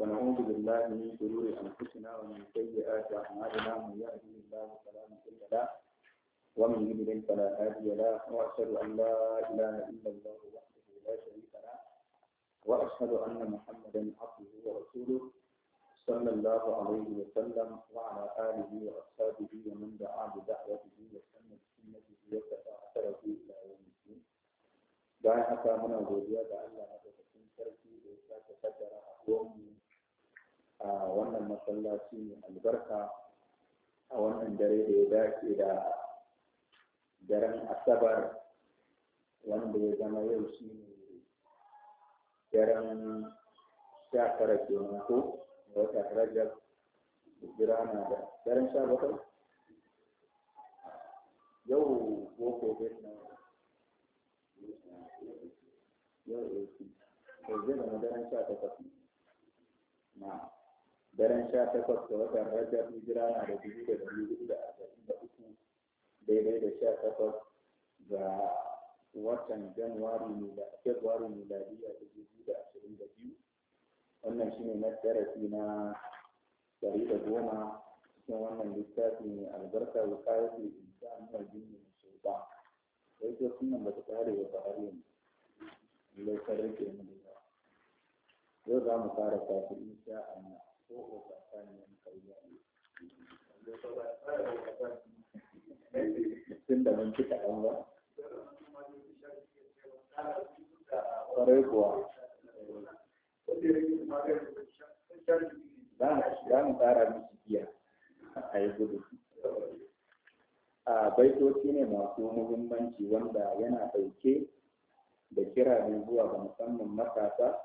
ونعوذ بالله من شرور انفسنا ومن سيئات اعمالنا من يهده الله فلا مضل له ومن يضلل فلا هادي له واشهد ان لا اله الا الله وحده لا شريك له واشهد ان محمدا عبده ورسوله صلى الله عليه وسلم وعلى اله واصحابه ومن دعا بدعوته وسنه بسنته وكفى اثره الى يوم bayan haka muna godiya ga Allah madaukakin sarki da ya sake kaddara mu a wannan masallaci mai albarka a wannan dare da ya dace da daren asabar wanda ya zama yau shi ne daren sha tara kenan ko watan rajab hijira na da daren sha bakwai yau boko bai yau ya ci zai zama daren sha takwas na daren sha takwas da watan rajar hijira na da dubu da dari hudu da arba'in da uku daidai da sha takwas ga watan januwari da februari miladiya ta dubu da ashirin da biyu wannan shine na darasi na dari da goma cikin wannan littafi mai albarka wukayatul insan min aljinni shaytan sai ko sunan ba ta kare ba har yanzu lokacin ke mu da yau za mu fara tafi insha Allah ko ko ba ta ne mu kai ya tun da mun ci kaɗan ba ƙwarai kuwa za mu fara miki biya a yi gudu a baitoci ne masu muhimmanci wanda yana ɗauke da kira ne zuwa ga musamman matasa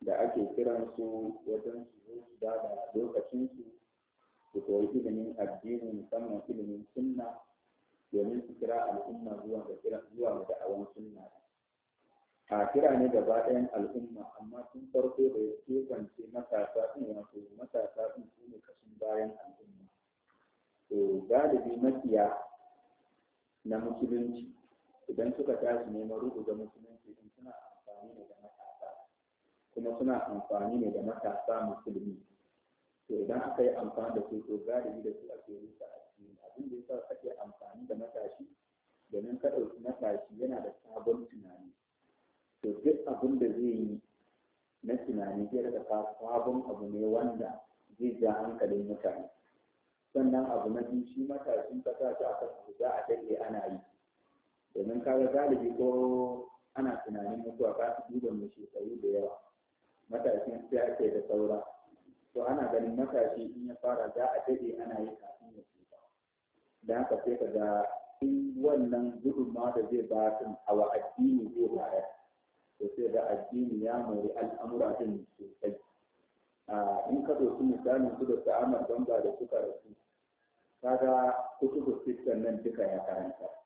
da ake kiransu wajen su zo su ba da lokacinsu su koyi ilimin addini musamman ilimin sunna domin su kira al'umma zuwa ga kira zuwa ga da'awan sunna a kira ne gaba ɗayan al'umma amma tun farko da ya kebance matasa ɗin wato matasa ɗin su ne kashin bayan al'umma to galibi makiya na musulunci idan suka tashi neman rubuta musulunci in suna amfani ne da matasa kuma suna amfani ne da matasa musulmi to idan aka yi amfani da su to galibi da su ake a cikin abin da yasa ake amfani da matashi domin ka ɗauki matashi yana da sabon tunani to duk abin da zai yi na tunani zai rika ka sabon abu ne wanda zai ja hankalin mutane sannan abu na biyu shi matashin ka sa ta akan za a daɗe ana yi domin kaga galibi ko ana tunanin mutuwa ba su duba shi shekaru da yawa matashin sai ake da saura to ana ganin matashi in ya fara za a daɗe ana yi kafin ya tsufa da haka sai ka ga in wannan ma da zai ba su awa addini zai baya to sai ga addini ya mori al'amura din sosai in ka doki misalin su da sa'amar bamba da suka rasu kaga kutubu sittan nan duka ya karanta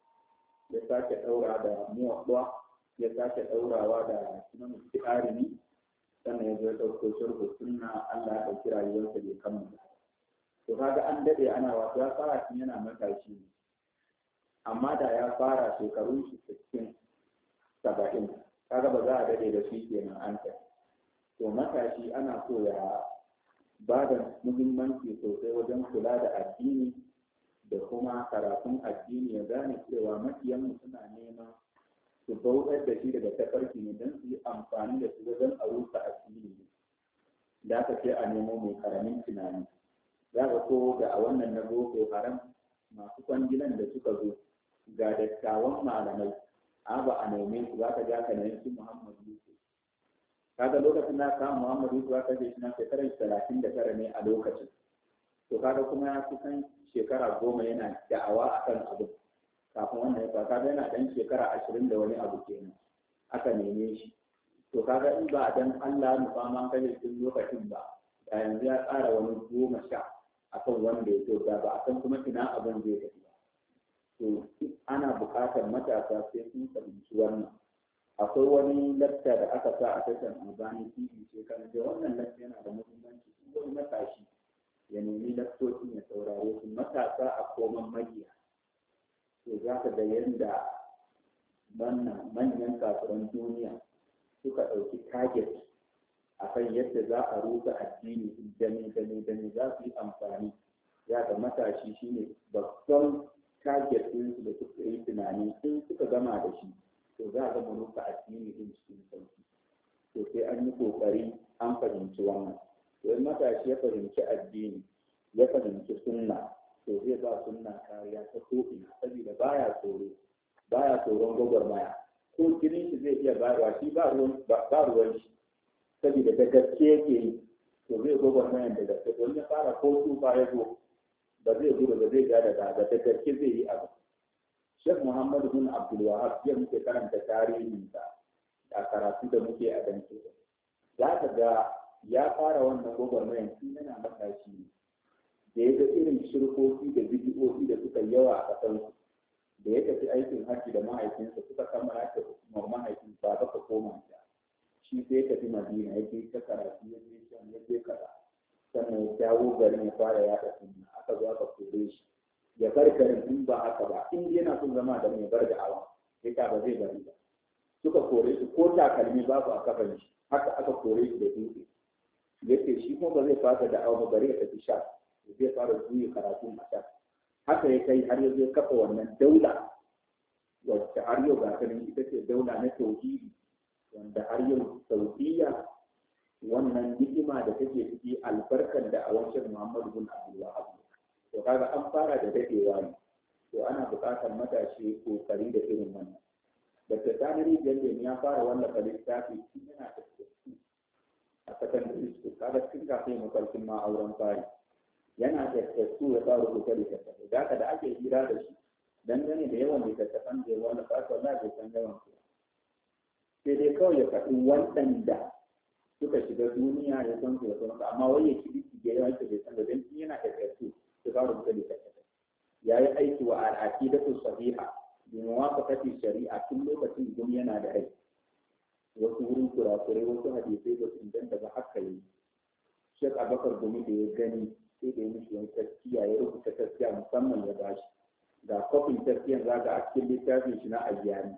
ya sake ɗaura da muwaɗuwa ya sake ɗaurawa da sunan fi'arini sannan ya zo ya ɗauko shirhu sunna Allah ya ɗauki rayuwarsa bai kammala to kaga an daɗe ana wasu ya fara tun yana matashi ne amma da ya fara shekarun shi sittin saba'in kaga ba za a daɗe da shi nan an ta to matashi ana so ya ba da muhimmanci sosai wajen kula da addini da kuma karatun addini ya gane cewa makiyanmu suna neman su bautar da shi daga tafarki ne don su yi amfani da su wajen a rusa addini da aka ce a nemo mai karamin tunani za ka ko da a wannan na boko haram masu kwangilan da suka zo ga dattawan malamai a ba a neme su za ka ja ka nemi su muhammad yusuf kaga lokacin na samu muhammad yusuf za ka je shi na shekarar talatin da tara ne a lokacin to kaga kuma ya fi san shekara goma yana da'awa a kan abu kafin wannan ya faka yana dan shekara ashirin da wani abu kenan aka neme shi to kaga in ba dan Allah mu fama kai sun lokacin ba da yanzu ya tsara wani goma sha akan wanda ya to ba a san kuma ina abin zai tafi ba to ana buƙatar matasa sai sun fahimci wannan akwai wani latta da aka sa a tashar albani tv sai kan ce wannan latta yana da muhimmanci duk wani matashi ya nemi laktocin ya saurare su matasa a koman magiya to za ka ga yadda manyan kasuwan duniya suka ɗauki target a kan yadda za a rusa addini dami dami dami za su yi amfani ya ga matashi shi shine babban target ɗinsu da suka yi tunani in suka gama da shi to za a gama addini ɗin cikin sauki to sai an yi ƙoƙari an fahimci wannan wai matashi ya fahimci addini ya fahimci sunna to zai ba sunna kariya ta ko'ina saboda baya tsoro baya tsoron gwagwarmaya ko jinin shi zai iya bayarwa shi ba ruwan shi saboda da gaske yake yi to zai gwagwarmaya da gaske don ya fara ko tufa ya zo ba zai gudu ba zai gada da da gaske zai yi abu Sheikh Muhammadu bin Abdul Wahab ya muke karanta tarihinsa a karatu da muke a dan za ka ga ya fara wannan gwagwarmayan tun yana matashi ne da ya ga irin shirkoki da bidiyoyi da suka yawa a ƙasar da ya tafi aikin hajji da mahaifinsa suka kammala haka hukumar mahaifin ba ka koma ta shi sai ya tafi madina ya je ta karatu ya je can ya je kaza sannan ya dawo garin ya fara yaɗa sunna aka zo aka kore shi ya bar garin in ba haka ba in yana son zama da mai bar da awa ya ta ba zai bari ba suka kore shi ko takalmi babu a kafan shi haka aka kore shi da dutse yace shi ko ba zai fasa da awa bare ya tafi sha zai fara juyi karatun a sha haka ya kai har ya kafa wannan daula wacce har yau ga ita ce daula na tauhidi wanda har yau saudiya wannan ni'ima da take ciki albarkar da a wancan muhammadu bin abdullahi to kaga an fara da dadewa ne to ana buƙatar matashi kokari da irin wannan Dr. Tanari Jalden ya fara wallafa littafi tun yana da a sakandare kaga cikin kafin mafarkin ma auren fari yana da tattu ya fara rubuta littattafai da haka da ake hira da shi dangane da yawan littattafan da ya wani fasa na da san yawan su sai dai kawai ya wannan da suka shiga duniya ya san su ya san su amma wai ya ci biki da yawan su bai san da don yana da tattu ya fara rubuta littattafai ya yi aiki wa al'aqidatu sahiha bi muwafaqati shari'a tun lokacin gumi yana da rai wasu wurin kurakurai wasu hadisai da su inganta ba haka yi shek abakar gumi da ya gani sai da ya mishi wani taskiya ya rubuta tafiya musamman ya shi ga kofin taskiyan za a cikin littafin shi na ajiyani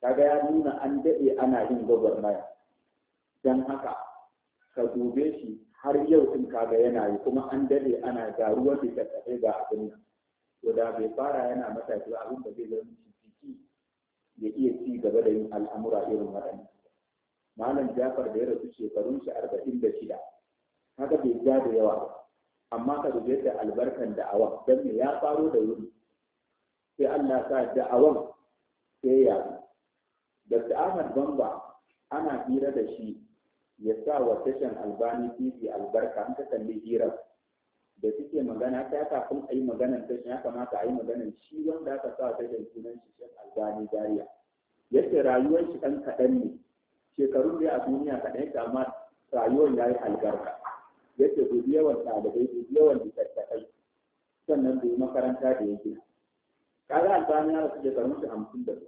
kaga ya nuna an daɗe ana yin gwagwarmaya don haka ka dube shi har yau ka kaga yana yi kuma an daɗe ana ga ruwan da tattafe ga abin nan to da bai fara yana mataki abin da zai zama jiki? ya iya ci gaba da yin al'amura irin waɗannan malam jafar da ya rasu shekarun shi arba'in da shida haka bai ja da yawa amma ka dube da albarkan da'awa. don me ya faro da wuri sai Allah sa da'awan sai ya yi da Ahmad Bamba ana hira da shi ya sa wa tashan albani tv albarka an ta kalli hirar da suke magana ta kafin a yi maganar tashan ya kamata a yi shi wanda aka sa tashan sunan shi shan albani dariya yadda rayuwar shi ɗan kaɗan ne shekarun da a duniya kaɗan yake amma rayuwar ya yi albarka yadda dubi yawan ɗalibai dubi yawan littattafai sannan dubi makaranta da yake. gina kaga alfani ya rasu shekarun shi hamsin da su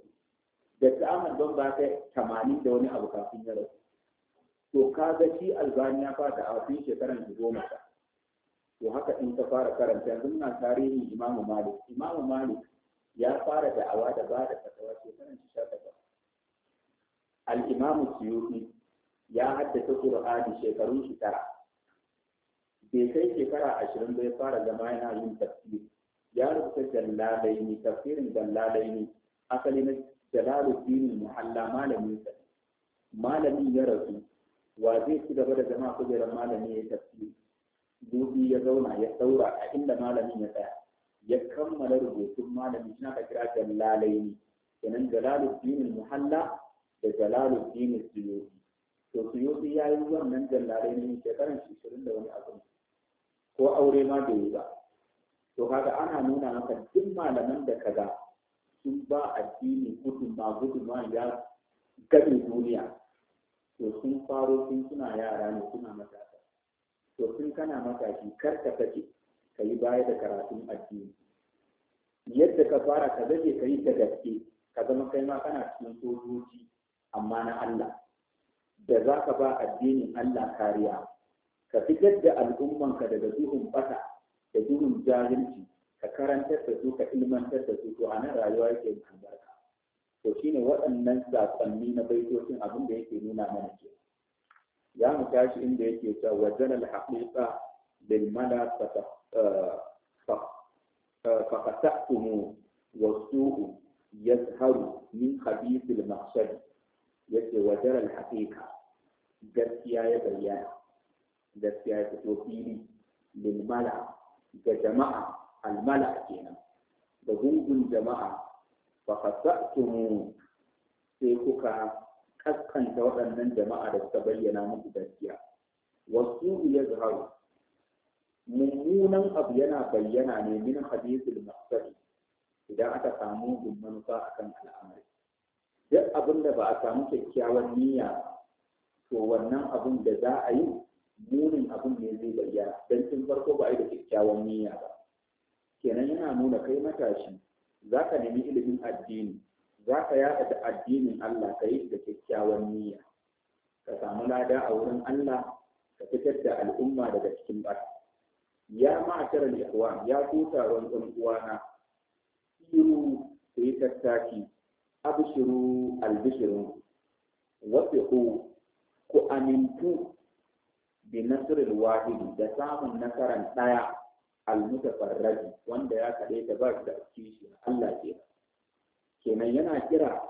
da ta amal don ba ta tamanin da wani abu kafin ya rasu to kaga shi alfani ya fata a wasu shekaran su goma ta to haka in ka fara karanta yanzu muna tarihin imamu malik imamu malik ya fara awa da ba da kasawa shekaran shi sha takwas al'imamu imamu suyuti ya haddasa qur'ani shekarun shi tara bai kai shekara ashirin bai fara zama yana yin tafsiri ya rubuta jallalaini tafsirin jallalaini asali na jalaluddin muhalla malamin sa malamin ya rasu wa zai ci gaba da zama kujerar malami ya tafsiri dubi ya zauna ya saura a inda malamin ya tsaya ya kammala rubutun malami suna ka kira jallalaini kenan jalaluddin muhalla da jalaluddin suyuti to suyuti ya yi wannan jallalaini shekaran 20 da wani abu ko aure ma bai yi ba to kaga ana nuna maka duk malaman da kaga sun ba addini gudun ma ya gaɗin duniya to sun faro sun suna yara ne suna matasa to sun kana matashi kar ka sake ka yi baya da karatun addini yadda ka fara ka zage ka yi ta gaske ka zama kai ma kana cikin sojoji amma na Allah da za ka ba addinin Allah kariya ka fitar da al'ummanka daga duhun bata da duhun jahilci ka karantar da su ka ilmantar da su to a nan rayuwa yake albarka to shine waɗannan saƙonni na baitocin abin da yake nuna mana ke za mu tashi inda yake sa wajen alhaƙiƙa bil mala fakatahtumu ya yazharu min khabisil mahshadi yace wajen alhaƙiƙa gaskiya ya bayyana gaskiya ya fito fili lil mala ga jama'a al mala kenan da gungun jama'a fa fasatumu sai kuka kaskanta waɗannan jama'a da suka bayyana muku gaskiya wasu ya zaharu mummunan abu yana bayyana ne min hadisul maqsadi idan aka samu manufa akan al'amari duk abin da ba a samu kyakkyawar niyya to wannan abin da za a yi munin abin ne zai bayyana don tun farko ba a yi da kyakkyawan niyya ba kenan yana nuna kai matashi za ka nemi ilimin addini za ka yaɗa da addinin Allah ka yi da kyakkyawan niyya ka samu lada a wurin Allah ka fitar da al'umma daga cikin ɓata ya ma'ashar al'ikwan ya ku taron ɗan uwana siru ku yi tattaki abishiru albishirin wasu ku amintu bi wahidi da samun nasaran daya almutafarraji wanda ya kaɗe ta ba da kishi Allah ke kenan yana kira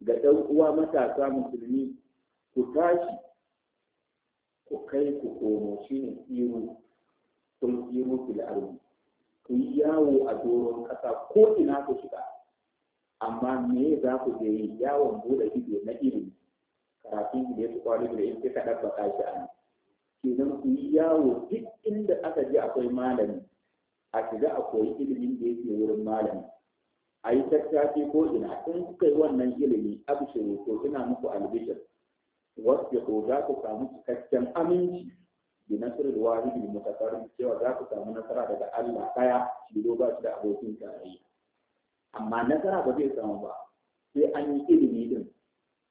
ga ɗan uwa matasa musulmi ku tashi ku kai ku komo shine tsiru kun tsiru fil ardi ku yi yawo a doron ƙasa ko ina ku shiga amma me za ku je yi yawon buɗe ido na ilimi karatun da ku fi kwari da ya fi kaɗan baƙa shi a nan kenan ku yi yawo duk inda aka ji akwai malami a shiga a koyi ilimin da yake wurin malami a yi tattafi ko ina in kuka yi wannan ilimi abshiru to ina muku albishir wasu za ku samu cikakken aminci bi nasirar wahidi mutakarrin cewa za ku samu nasara daga Allah ɗaya shi ba shi da abokin tarayya amma nasara ba zai samu ba sai an yi ilimi din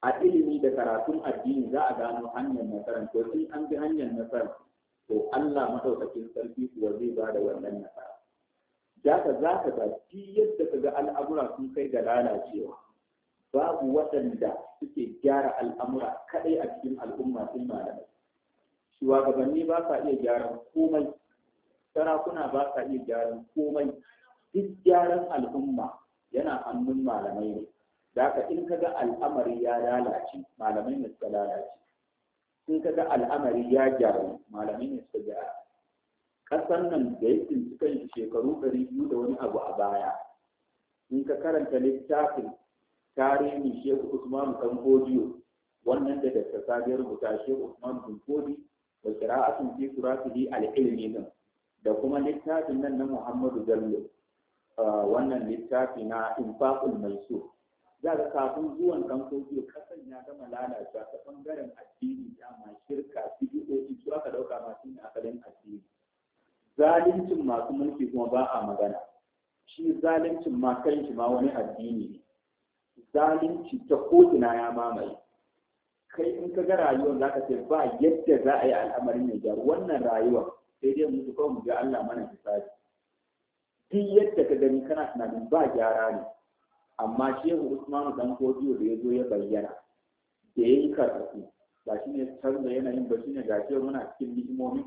a ilimi da karatun addini za a gano hanyar nasara to in an bi hanyar nasara to Allah madaukakin sarki kuwa zai ba da wannan nasara Jaka za ka ga yadda ka ga al'amura sun kai ga lalacewa babu waɗanda suke gyara al'amura kaɗai a cikin al'umma sun malamai shugabanni ba sa iya gyaran komai sarakuna ba sa iya gyaran komai duk gyaran al'umma yana hannun malamai ne da haka in kaga al'amari ya lalace malamai ne suka lalace in kaga al'amari ya gyaru malamai ne suka gyara Kasar nan da ya tsinci kan shekaru ɗari biyu da wani abu a baya in ka karanta littafin tarihin shehu usman kan wannan da da sabiya rubuta shehu usman kan kodi da kira'atun fi suratihi al al'ilmi nan, da kuma littafin nan na muhammadu Jallo, uh, wannan littafi na infaqul maisur za ka kafin zuwan kan kogiyo kasan ya gama lalata ta bangaren addini dama shirka bidiyoyi su aka ɗauka masu a asalin addini zalincin masu mulki kuma ba a magana shi zalincin ma kanshi ma wani addini ne zalunci ta kotuna ya mamaye kai in ka ga rayuwar za ka ce ba yadda za a yi al'amarin ya gyaru wannan rayuwar sai dai mutu kawai mu ga Allah mana hisabi duk yadda ka gani kana tunanin ba gyara ne amma shehu Usman dan kojiyo da ya zo ya bayyana da ya yi karfafi. ba shi ne canza yanayin ba shi ne ga shi muna cikin ni'imomi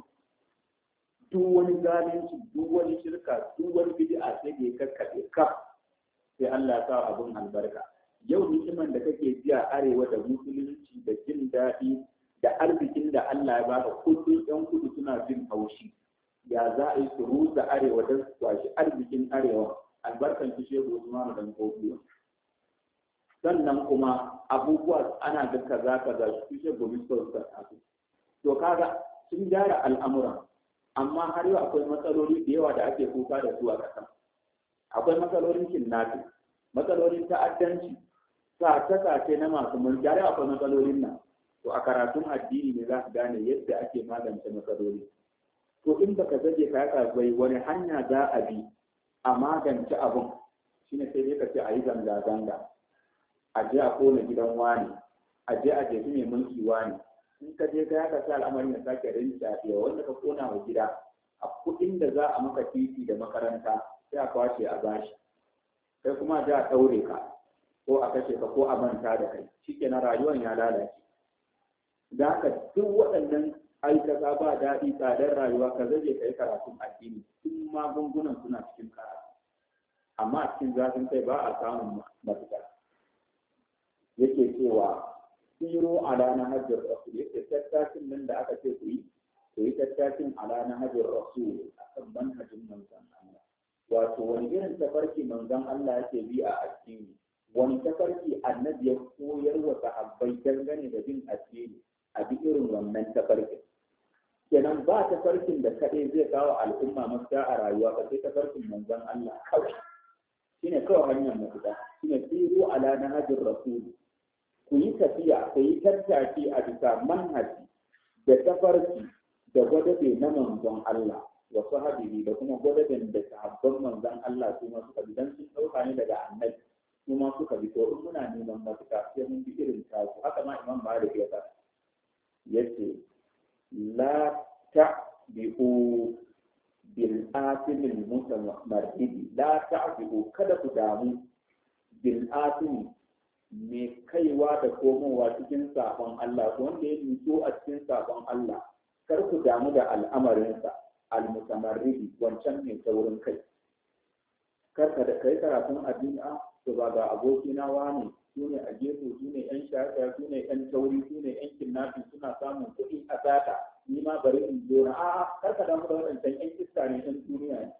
duk wani zalunci duk wani shirka duk wani bid'a sai da ya karkaɗe kaf sai Allah ya sa abun albarka yau iman da kake ji arewa da musulunci da jin daɗi da arzikin da Allah ya baka kullum yan kudu suna jin haushi ya za a yi su rusa arewa don su kwashi arzikin arewa albarkan ki shehu usman dan kofi sannan kuma abubuwa ana ga kaza kaza shi shehu misal sarrafa to kaga sun gyara al'amura amma har yau akwai matsaloli da yawa da ake kuka da su a ƙasa akwai matsalolin kinnafi matsalolin ta'addanci ta sace na masu mulki har yau akwai matsalolin nan to a karatun addini ne za ka gane yadda ake magance matsaloli to in baka zage ka bai wani hanya za a bi a magance abun shine sai ka ce a yi zanga-zanga a je a kona gidan wani a je a jefi mai mulki wani in ka je ka yaka sa al'amarin ya sake rinta ya wanda ka kona wa gida a kuɗin da za a maka titi da makaranta sai a kwashe a bashi kai kuma da a ɗaure ka ko a kashe ka ko a manta da kai na rayuwar ya lalace da ka duk waɗannan ai kaza ba daɗi tsadar rayuwa ka zaje kai karatun addini tun magungunan suna cikin karatu amma cikin zafin kai ba a samun mafita yake cewa siro a na hajjar rasul yake tattakin nan da aka ce ku yi ku yi tattakin a hajjar rasul akan manhajin manzon Allah wato wani irin tafarki manzon Allah yake bi a addini wani tafarki annabi ya koyar wa sahabbai dangane da bin addini a bi irin wannan tafarkin kenan ba ta farkin da kaɗai zai kawo al'umma mafita a rayuwa ba sai ta farkin manzon Allah kawai shine kawai hanyar mafita shine siru ala nahajir rasul ku yi tafiya ku yi tattaki a bisa manhaji da farki da gwadabe na manzon Allah wa sahabihi da kuma gwadaben da sahabban manzon Allah su ma suka bi dan sun ɗauka ne daga annabi su ma suka bi to in muna neman mafita sai mun bi irin tasu haka ma imam Malik ya faɗa yace la ta'bi'u bil atimil mutamarridi la ta'bi'u kada ku damu bil mai kaiwa da komowa cikin sabon Allah wanda ya nutso a cikin sabon Allah kar ku damu da al'amarinsa al-mutamarridi wancan mai saurin kai kar ka da kai karatun addu'a ah, to ba ga abokina wani su a gefe su yan shaka su yan tauri su yan suna samun sata ni ma bari in zo na a'a kar damu da waɗancan ƴan iska ne ɗan duniya ne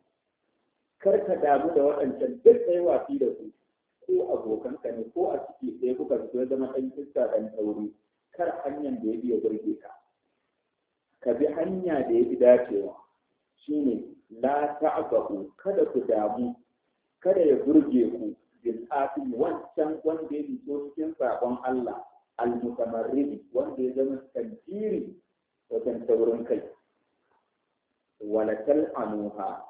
kar ka damu da waɗancan duk ɗaya wasi da su ko abokanka ne ko a ciki ɗaya kuka fito ya zama ɗan iska ɗan sauri kar hanyar da ya bi ya burge ka ka bi hanya da ya fi dacewa shine la ta'bahu kada ku damu kada ya burge ku bin wancan wanda ya bi cikin saƙon Allah al-mutamarrid wanda ya zama tantiri wajen taurin kai Walatal tal anuha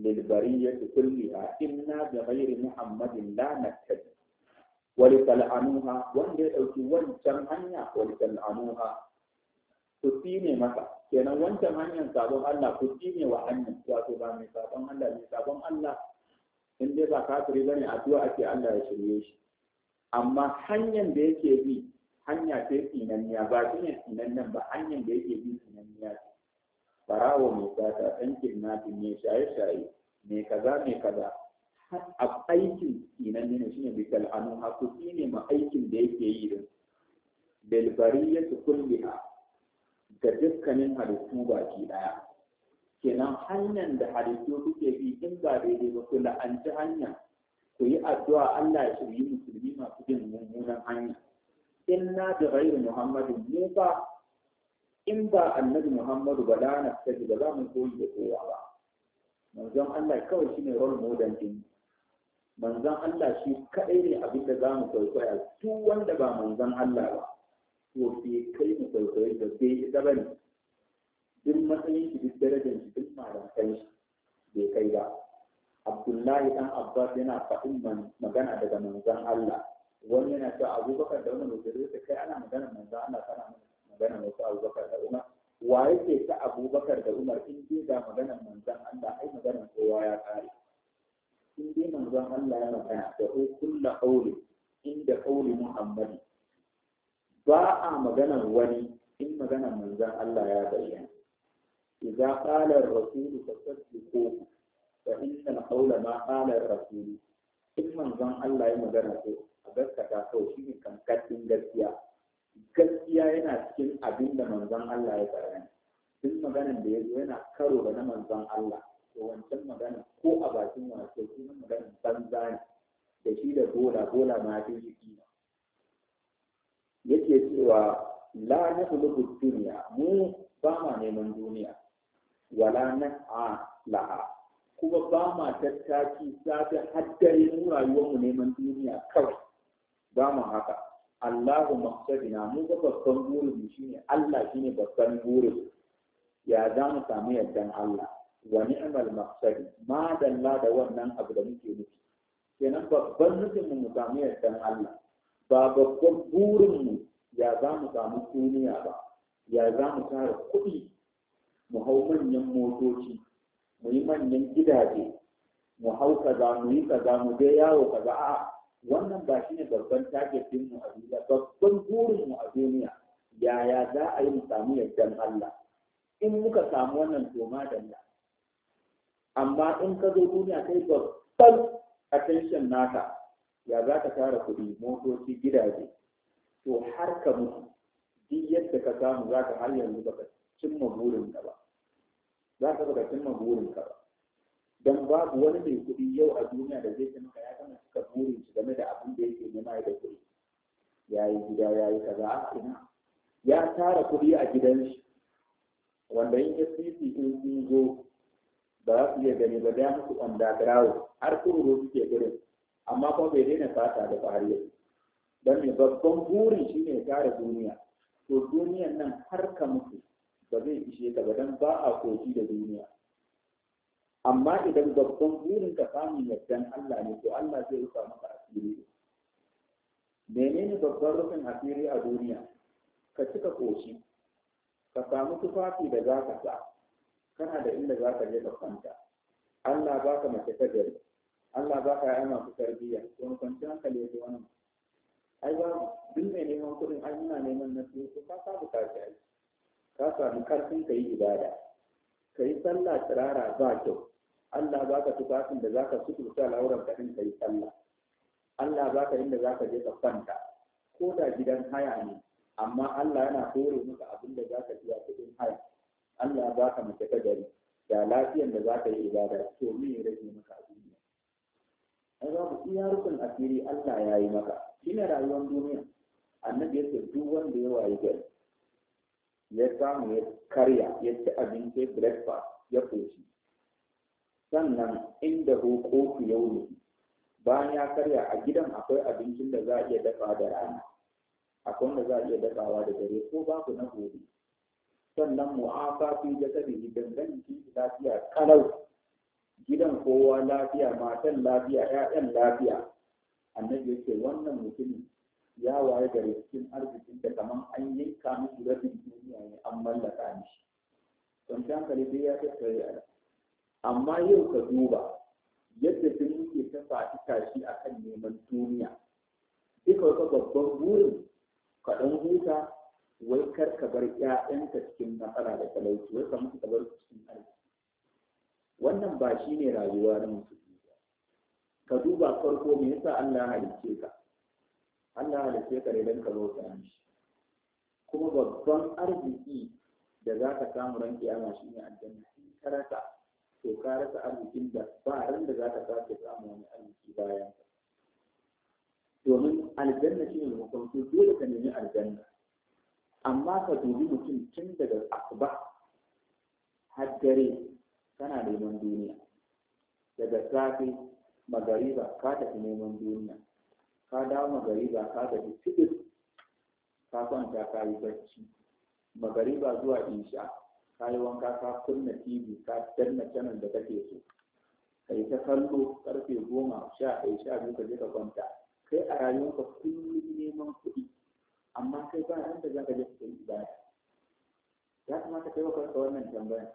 lil bariyati kulliha inna bi ghairi muhammadin la nattabi wala anuha wanda yake wancan hanya Walatal anuha ku tine maka kenan wancan hanyar sabon Allah ku tine wa hanyar wato ba mai sabon Allah mai sabon Allah in dai ba kafiri bane addu'a ake Allah ya shirye shi amma hanyar da yake bi hanya ce tsinanniya ba su ne tsinannen ba hanyar da yake bin tsinanniya ce farawa mai sata ɗan kidnapping ne shaye-shaye mai kaza mai kaza a aikin tsinanni ne shine bi tal'anu haku ne ma aikin da yake yi din bilbariyatu kulliha ga dukkanin halittu baki ɗaya kenan hanyar da halittu kuke bi in ba daidai ba ku la'anci hanya ku yi addu'a Allah ya shirye musulmi masu bin mummunan hanya inna bi ghairi muhammadin mu ba in ba annabi muhammadu ba la nastaji ba za mu koyi da kowa ba manzon Allah kawai shine role model din manzon Allah shi kadai ne abin da za mu kwaikwaya duk wanda ba manzon Allah ba to sai kai mu kwaikwayi da bai ita ba ne duk matsayin shi duk darajar shi duk malamtan shi bai kai ba Abdullahi dan Abbas yana faɗin magana daga manzon Allah wani yana cewa abubakar da umar da zai kai ana magana manzo ana kana magana wasu abubakar da umar wa yake ta abubakar da umar in dai ga maganar manzon Allah ai maganar kowa ya kare in dai manzon Allah ya magana da ko kullu qawli inda qawli muhammadi ba a maganar wani in maganar manzon Allah ya bayyana idza qala ar-rasul fasaddiqu fa inna al-qawla ma qala ar-rasul in manzon Allah ya magana ko a gaskata kawai shi ne gaskiya gaskiya yana cikin abin da manzon Allah ya tsara tun maganan da ya zo yana karo da na manzon Allah to wancan magana ko a bakin wato sunan magana banza ne da shi da bola bola ma fi shi yake cewa la na duniya mu ba ma neman duniya wala na a la'a kuma ba ma tattaki safe har dare mu rayuwar mu neman duniya kawai ba mu haka Allahu maqsadina mu ga babban burin mu shine Allah shine babban burin ya za mu samu yardan Allah wa ni'mal maqsad ma dalla da wannan abu da muke nufi kenan babban nufin mu samu yardan Allah ba babban burin mu ya za mu samu duniya ba ya za mu tara kuɗi mu hau manyan motoci mu yi manyan gidaje mu hau kaza mu yi kaza mu je yawo kaza a'a wannan ba shi ne babban target din mu a duniya babban burin mu a duniya yaya za a yi mu samu yardan Allah in muka samu wannan toma da amma in ka zo duniya kai babban attention naka ya za ka tara kuɗi motoci gidaje to har ka mutu duk yadda ka samu za ka har yanzu baka cimma ka ba za ka baka cimma ka ba Idan babu wani mai kuɗi yau a duniya da zai taimaka, ya gama cika burin shi game da abin da yake nema da kuɗi ya yi gida ya yi kaza a ina ya tara kuɗi a gidan shi wanda in sisi in sun zo ba za su iya gani ba da musu underground har kururu suke gurin amma kuma bai daina fata da fariya don mai babban burin shi ne tara duniya to duniyan nan har ka mutu ba zai ishe ka ba don ba a koki da duniya amma idan babban burin ka samu yardan Allah ne to Allah zai rufa maka asiri menene babban rufin asiri a duniya ka cika koshi ka samu tufafi da za ka sa kana da inda za ka je ka kwanta Allah ba ka mace ta gari Allah ba ka yana masu tarbiyya to kwanci hankali ya ce wannan ai ba duk mai neman kuɗin ai muna neman na su ka sa bukaci ai ka samu karfin ka yi ibada ka yi sallah tsirara ba kyau Allah ba ka tufafin da za ka suturta lauran ka ɗin ka yi sallah Allah ba ka inda za ka je ka kwanta ko da gidan haya ne amma Allah yana kore maka abin da za ka biya cikin haya Allah ba ka mace ta gari da lafiyan da za ka yi ibada to me ya rage maka a duniya za ku iya rukun asiri Allah ya yi maka shine rayuwar duniya annabi ya duk wanda ya wayi gari ya samu ya karya ya ci abinci breakfast ya koshi sannan inda kofi yau bayan ya karya a gidan akwai abincin da za a iya dafa da rana akwai wanda za a iya dafawa da dare ko babu na gobe sannan mu'afa fi jasadihi danganci lafiya kalau gidan kowa lafiya matan lafiya 'ya'yan lafiya annabi yake wannan mutumin ya waye da cikin arzikin da kaman an yanka mishi rabin duniya ne an mallaka mishi Don hankali dai ya tattare amma yau ka duba yadda birni ke ta faɗi tashi a kan neman duniya duka wata babban burin ka ɗan huta wai kar ka bar ƴaƴanka cikin matsala da talauci wai ka musu ka bar cikin arziki wannan ba shi ne rayuwa na musulmi ba ka duba farko me yasa Allah halicce ka Allah halicce ka idan ka bauta mishi kuma babban arziki da za ka samu ran kiyama shine aljanna in ka to ka rasa arzikin da ba ran da za ka sake samu wani arziki bayan ka domin aljanna shi ne mafarko dole ka nemi aljanna amma ka dubi mutum tun daga asuba har dare kana neman duniya daga safe magariba ka tafi neman duniya ka dawo magariba ka tafi tidir ka kwanta ka yi barci magariba zuwa insha ka wanka ka kunna tv ka danna channel da kake so ka ta kallo karfe goma sha ɗaya sha biyu ka je ka kwanta kai a rayuwarka kullum neman kuɗi amma kai ba ran da za ka je ka yi ibada ya kamata kai wa kanka wannan tambaya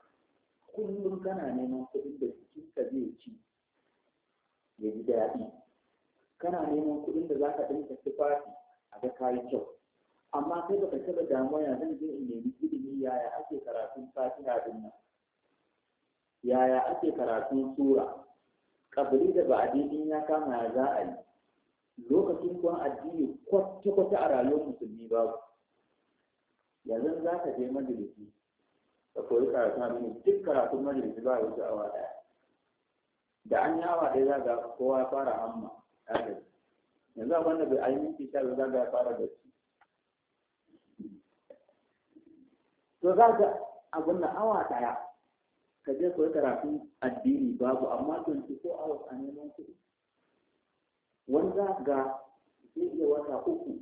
kullum kana neman kuɗin da ka zai ci ya ji daɗi kana neman kuɗin da za ka ɗinka tufafi a ga kayi kyau amma kai baka taba damuwa ya zan je in nemi ilimi yaya ake karatun fatiha din nan yaya ake karatun sura kabiri da ba'adi ya kama ya za a yi lokacin kwan addini kwata-kwata a rayuwar musulmi babu yanzu za ka je majalisi ka koyi karatun addini duk karatun majalisi ba wuce awa ɗaya da an yi awa ɗaya za ga kowa ya fara hamma yanzu a wanda bai ayi minti sha za ga ya fara shi. to za ka abin da awa ɗaya ka je ko karatu addini babu amma 24 hours a neman kuɗi wanda ga zai iya wata uku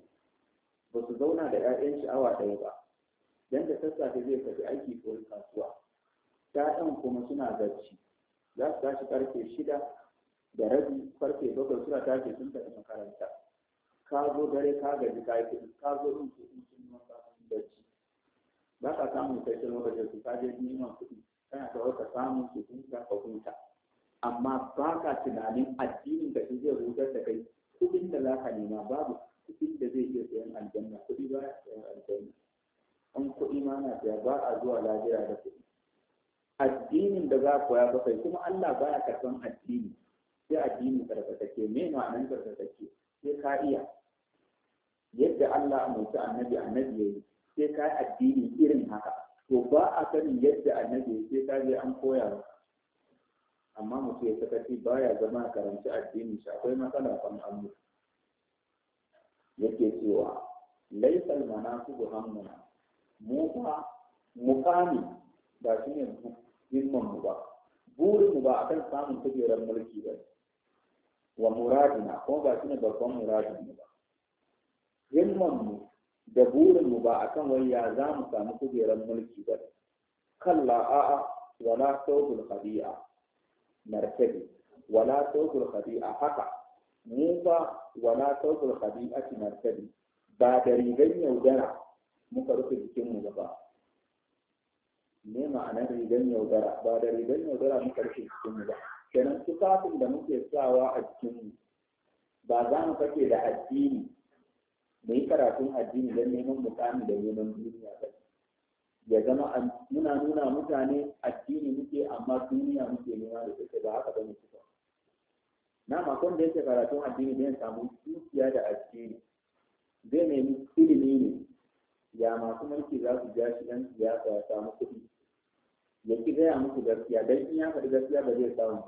ba su zauna da 'ya'yan shi awa ɗaya ba dan da sassafe zai tafi aiki ko kasuwa ƴaƴan kuma suna gaci za su tashi karfe shida da rabi karfe bakwai suna tashi sun tafi makaranta ka zo dare ka gaji ka yi kuɗi ka zo ɗin su wajen neman kuɗi kana da wata samun su huta ka huta amma ba ka tunanin addinin da zai hutar da kai kuɗin da za ka nema babu kuɗin da zai iya sayan aljanna kuɗi ba ya sayan aljanna an kuɗi ma na saya ba a zuwa lafiya da kuɗi addinin da za ku ya ba kai kuma Allah ba ya karɓan addini sai addini karkatacce me ma'anar karkatacce sai ka iya yadda Allah a mutu annabi annabi ya yi sai ka yi addini irin haka to ba a sanin yadda annabi sai ta je an koya ba amma mutum ya sakaci ya zama a karanci addini shi akwai matsala kan Allah yake cewa laisal manasibu hammuna mu ba mukami ba shi ne himman mu ba burin mu ba a kan samun kujerar mulki ba wa muradina kuma ba shi ne babban muradin mu ba himman mu da burin mu ba akan wai ya za mu samu kujerar mulki ba kalla a'a wala sawbul khadi'a nartabi wala sawbul khadi'a haka mu ba wala sawbul khadi'ati nartabi ba da rigar yaudara muka rufe jikinmu ba. ne ma'anar rigar yaudara ba da rigar yaudara muka rufe jikinmu ba kenan tufafin da muke sawa a jikinmu ba za mu kake da addini mu yi karatun addini don neman mukami da neman duniya ba ya zama muna nuna mutane addini muke amma duniya muke nema da take ba haka bane kuka na makon da yake karatun addini zai samu dukiya da addini zai nemi ilimi ne ya masu mulki za su ja shi dan siyasa ya samu kuɗi ya ki gaya muku gaskiya dan in ya faɗi gaskiya ba zai samu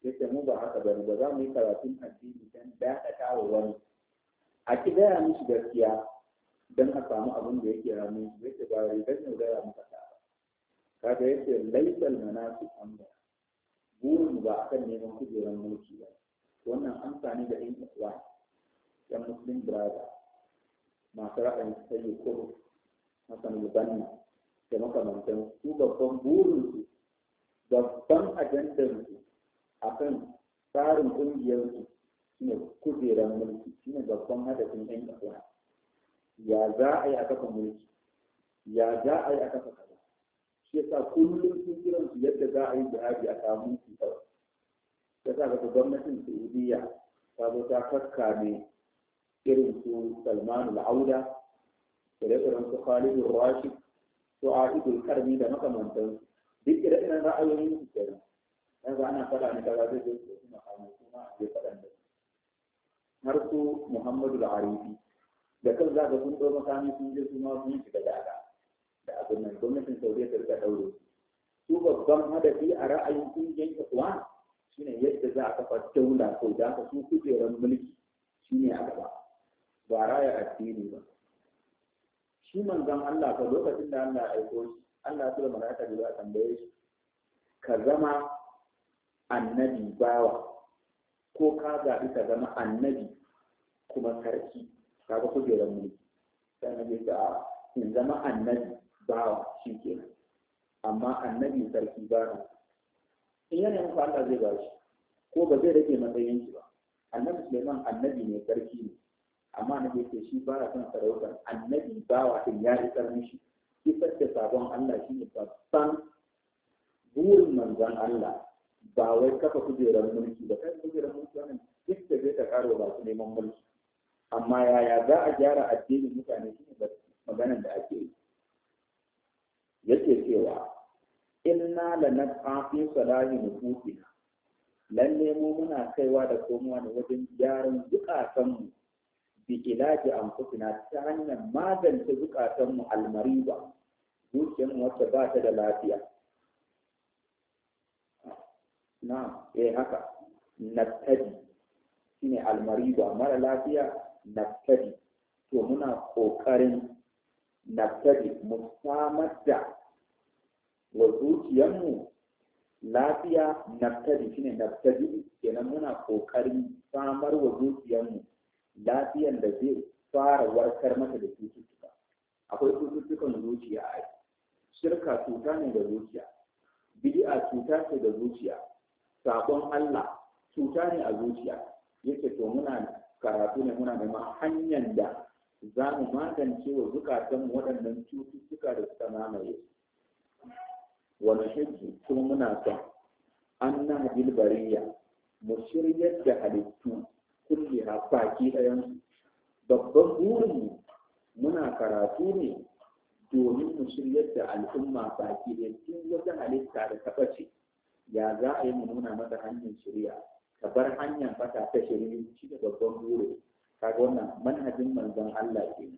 ba mu ba haka bane ba za mu yi karatun addini dan dakatawa wani a ki gaya mishi gaskiya don a samu abin da yake ramin shi yake ba rigar ne gaya maka ta ba kaga yake laifin manasi amma burin ba a kan neman kujerar mulki ba wannan an sani da yan islam ɗan muslim brother masu ra'ayin sayi ko masan lubanna da makamantan su babban burinsu babban ajandar su akan tsarin ƙungiyarsu shine kujeran mulki shine babban hadafin yan kasuwa ya za a yi a kafa mulki ya za a yi a kafa kaza shi yasa kullum sun kiran su yadda za a yi jihadi a samu mulki kawai ta sa ga gwamnatin saudiya ta zo ta kakkame irin su salman al'auda ire-iren su khalid rashid su a'idul karni da makamantansu duk ire-iren ra'ayoyin su kenan yanzu ana faɗa ne kaza zai zai suna kamo kuma a je faɗan da har su Muhammadu Arifi da kan za ka sun ɗau makami sun je su ma sun shiga daga da abin nan gwamnatin Saudiya ta rika ɗaure su babban hadafi a ra'ayin kungiyar Ikhwan shine yadda za a kafa daula ko da su kujerar mulki shine a gaba ba raya addini ba shi manzon Allah ka lokacin da Allah ya aiko shi Allah ya tura mala'ika da za a tambaye shi ka zama annabi bawa ko ka zaɓi ka zama annabi kuma sarki kaga kujerar mu. sannan ya ce in zama annabi ba shi nan amma annabi sarki ba in yana yin Allah zai ba shi ko ba zai rage matsayin shi ba annabi Suleiman annabi ne sarki ne amma ke ce shi ba son sarautar annabi bawa din ya isar mishi isar da sabon Allah shi ne babban burin manzon Allah ba wai kafa kujerar mulki ba kai kujerar mulki wannan duk da zai ta karo ba su neman mulki amma yaya za a gyara addinin mutane shi ne maganar da ake yi yake cewa inna lanas'a fi salahi nufusina lan nemo muna kaiwa da komowa ne wajen gyaran zukatanmu bi ilaji anfusina ta hanyar magance zukatanmu almariba zuciyarmu wacce ba ta da lafiya na e eh haka naftadi shine almariba mara lafiya naftadi to muna kokarin naftadi mu samar da wa zuciyarmu lafiya naftadi shine naftadi kenan muna kokarin samar wa zuciyarmu lafiyan da zai fara warkar mata da cututtuka akwai cututtukan zuciya yi, shirka cuta ne da zuciya bid'a cuta ce da zuciya sakon Allah cuta ne a zuciya yake to muna karatu ne muna neman hanyar da za mu magance wa zukatan waɗannan cututtuka da suka mamaye wani shirki kuma muna son an na hajjil bariya mu shiryar da halittu kulle ha baki ɗayan babban burinmu muna karatu ne domin mu shiryar da al'umma baki ɗaya tun wata halitta da ta ɓace. ya za a yi mu nuna masa hanyar shirya, ka bar hanyar fata ta shari'a shi da babban buri ga wannan manhajin manzon Allah ke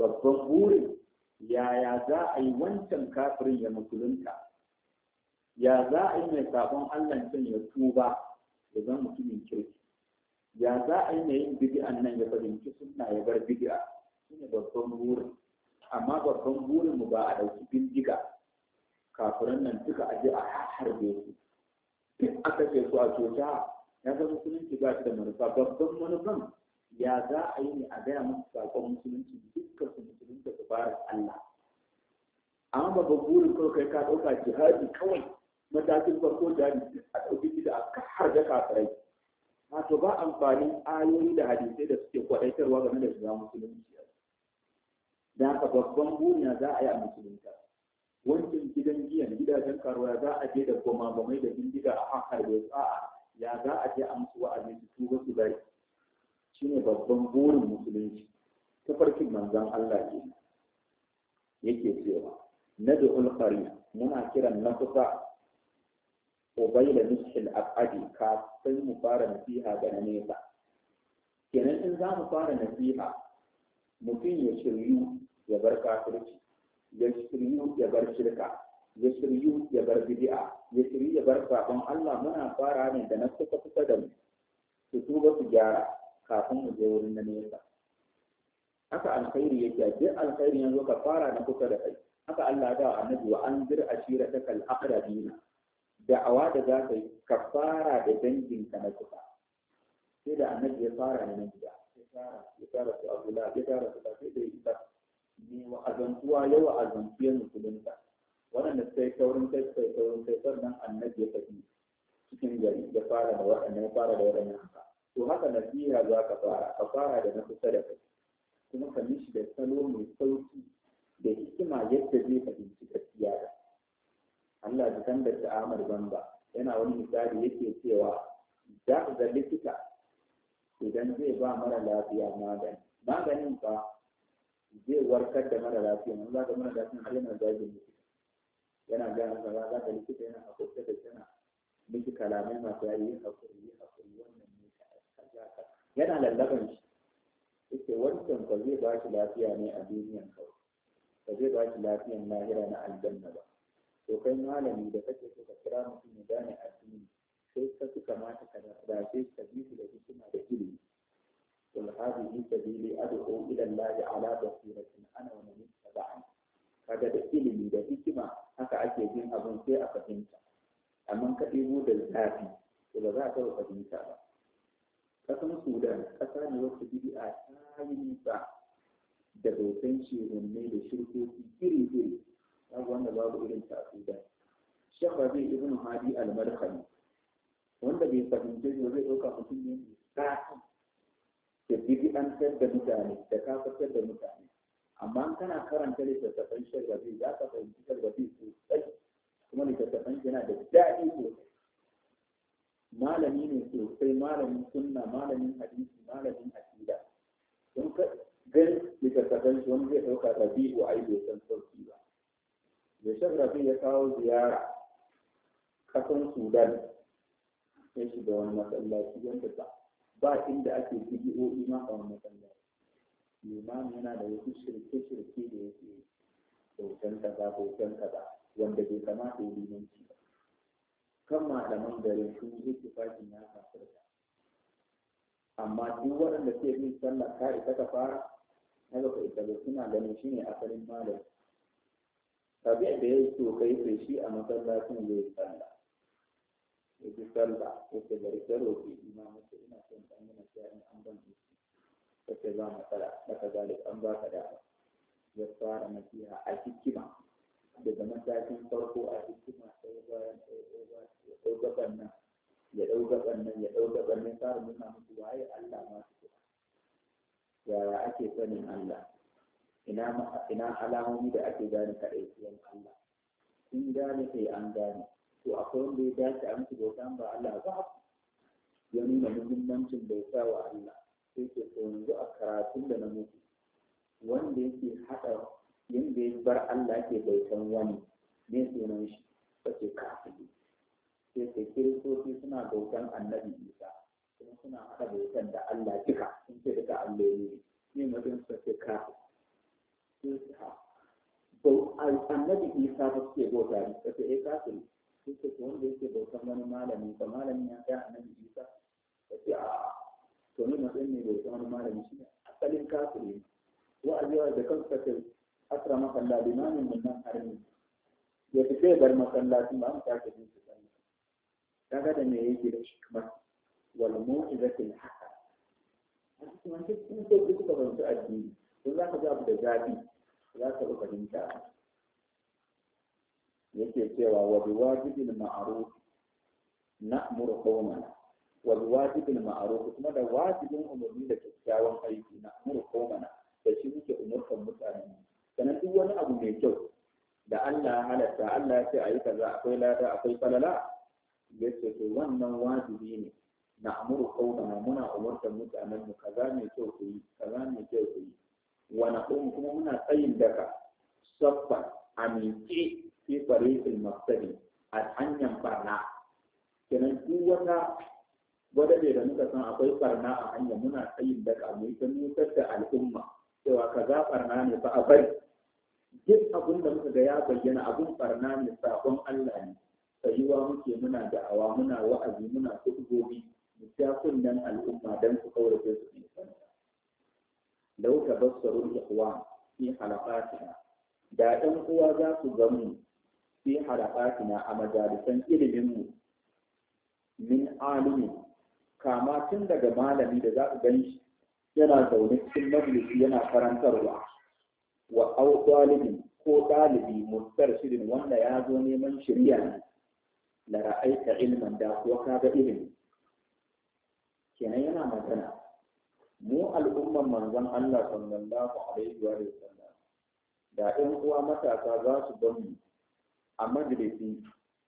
babban ya yaya za a yi wancan kafirin ya musulunta ya za a yi mai sabon Allah can ya tuba ya zama mutumin kirki ya za a yi mai yin a nan ya fahimci sunna ya bar bid'a shine babban amma babban burin mu ba a ɗauki bindiga kafiran nan duka aje a harbe su duk aka ce su a cuta ya ga musulunci ba shi da manufa babban manufan ya za a yi ne a gaya musu saƙon musulunci dukkan su musulunci su fara Allah amma ba burin kawai kai ka ɗauka jihadi kawai matakin farko jihadi a ɗauki gida a kahar da kafirai wato ba amfani ayoyi da hadisai da suke kwaɗaitarwa game da shiga musulunci da haka babban buniya za a yi a musulunta wancan gidan giyan gidajen karuwa za a je da goma mai da bindiga a hankar da su a ya za a je a musu abinci su tuba su shi ne babban burin musulunci Ta farkin manzan Allah ke yake cewa da qarya muna kiran na kusa ubayla nishil ka Sai mu fara nasiha ga nesa kenan in za mu fara nasiha mutum ya shiryu ya bar kafirci ya shiryu ya bar shirka ya shiryu ya bar bid'a ya shiryu ya bar sabon Allah muna fara ne da na kusa kusa da mu su tuba su gyara kafin mu je wurin na nesa haka alkhairi yake duk alkhairi yanzu ka fara na kusa da kai haka Allah da annabi wa anzir ashirataka al-aqrabina da'awa da za ka yi ka fara da ka na kusa sai da annabi ya fara ne na gida ya fara su abdullah ya fara su sai da ya ne azantuwa ya wa'azantu ya musulunta waɗanda sai saurin kai sai saurin sai nan annabi ya tafi cikin gari ya fara da waɗannan ya fara da waɗannan haka to haka nasiha za ka fara ka fara da na kusa da kai kuma ka mishi da salo mai sauki da hikima yadda zai fahimci gaskiya da Allah ji kan da ta'amar bamba yana wani misali yake cewa da ga likita idan zai ba mara lafiya magani maganin ba zai warkar da mara lafiya in za ka mara lafiya har yana zagin likita yana gane ka za ka likita yana hakurta da tana miki kalamai masu yayi yin hakuri yin hakuri wannan ne ka kaza ka yana lallaban shi yake wancan ba zai ba shi lafiya ne a duniyan kawai ba zai ba shi lafiyan lahira na aljanna ba to kai malami da kake so ka kira mutum ya gane addini sai ka su kamata ka dace ka bi su da hikima da ilimi قل هذه سبيلي أدعو إلى الله على بصيرة أنا ومن اتبعني kaga da ilimi da hikima haka ake jin abin sai a fahimta amma ka ɗebo da zafi to ba za ka fahimta ba kasan sudan ƙasa ne wacce bidi'a ta yi nisa da bautan shirunne da shirkoki iri iri babu wanda babu irin ta a sudan shekh rabi ibn hadi al-madkhali wanda bai fahimce shi zai ɗauka mutum ne mai zafi da an da mutane da kafatar da mutane amma kana karanta littattafan sharbabi za ka fahimci sharbabi sosai kuma littattafan yana da daɗi sosai malami ne sosai malamin sunna malamin hadisi malamin akida don ka gan littattafan shi wani zai ɗauka rabi'u ai bai san sauki ba da shan rabi ya kawo ziyara kasan sudan ya shiga wani masallaci wanda ba ba inda ake bidiyoyi ma a wani masallaci limamin yana da wasu shirke-shirke da yake ba kaza bautan ba wanda bai kamata ya limanci ba kan malaman garin sun yi fashin ya kafirta amma duk waɗanda ke bin sallah ka isa ka fara na gaba ita ba suna ganin shi ne asalin malam tabi'a da ya yi to kai shi a masallacin zai sallah ya ji sallah ya ce ta roƙi ina son ɗan yana cewa in an ban iski ta ce ba matsala an ba ka ya fara nasiha a hikima daga matakin farko a hikima ɗaya bayan ɗaya ɗaya ya ɗau nan ya ɗau gaban fara nuna musu Allah ma su yaya ake sanin Allah ina alamomi da ake gane kaɗaiciyan Allah in gane sai an gane to akwai wanda ya dace a musu bauta ba Allah ba ya nuna muhimmancin bauta wa Allah sai ke to yanzu a karatun da na mutu wanda yake haɗa yanda ya bar Allah ke bautan wani ne sunan shi ke kafiri sai ke kiristoci suna bautan annabi Isa kuma suna haɗa bautan da Allah kika sun ce duka alloli ne ne mutum suka ce kafiri annabi Isa ba suke bauta ne kace eh kafiri suke ce wanda yake bautan wani malami ba malamin ya tsaya annabi isa ya ce a to ni matsayin ne bautan wani malami shi ne asalin kafiri wa'aziwa da kansu ka ce asra makalla limamin wannan harin ya fi sai bar masallaci ba mu sake jin su sani ga da me yake da kuma wal mu'izatil haka. a cikin wani cikin sai kuka fahimci addini don za ka ga abu da zafi za ka fahimta yake cewa wa wajibin ma'ruf na'muru wa wajibin ma'ruf kuma da wajibin umarni da kyakkyawan aiki na na'muru qaumana da shi muke umurtar mutane sanan duk wani abu mai kyau da Allah ya halatta Allah ya ce ayi kaza akwai lada akwai falala yace to wannan wajibi ne na'muru qaumana muna umurtar mutanen mu kaza mai kyau ku kaza mai kyau ku yi wa na kuma muna tsayin daka saffan amince tariqil mafsadi a hanyar barna kenan duk wata wadda ne da muka san akwai barna a hanyar muna tsayin daga mu ta nutar da al'umma cewa za barna ne ba a bari duk abin da muka ga ya bayyana abin barna ne sakon Allah ne tsayuwa muke muna da'awa muna wa'azi muna kuɗugobi mu sha kunnen al'umma don su kaurace su ne san lau tabassaru ikhwan halaƙa halaqatina da ɗan uwa za su gamu fi harafatina a majalisan iliminmu min alimi kama tun daga malami da za ku gan shi yana zaune cikin majalisi yana karantarwa wa au ko ɗalibi mustar shirin wanda ya zo neman shirya ne la ra'aita ilman da kuwa ga ilimi kenan yana magana mu al'umman manzon Allah sallallahu alaihi wa sallam da ɗan uwa matasa za su bar a majalisi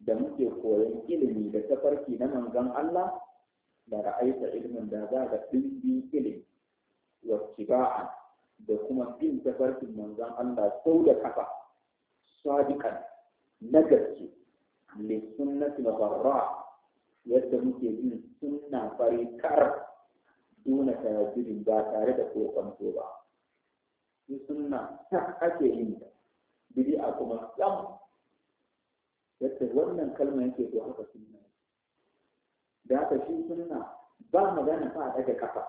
da muke koyon ilimi da tafarki na manzon Allah da ra'aita ilimin da za ga ɗimbin ilimi wa ba'a da kuma bin tafarkin manzon Allah sau da kafa sadiqan na gaske li sunnati barra yadda muke yin sunna farikar duna tajirin ba tare da kokonto ba sunna ta ake yin ta a kuma sam yadda wannan kalma yake to haka sunna da haka shi sunna ba magana fa a daga kafa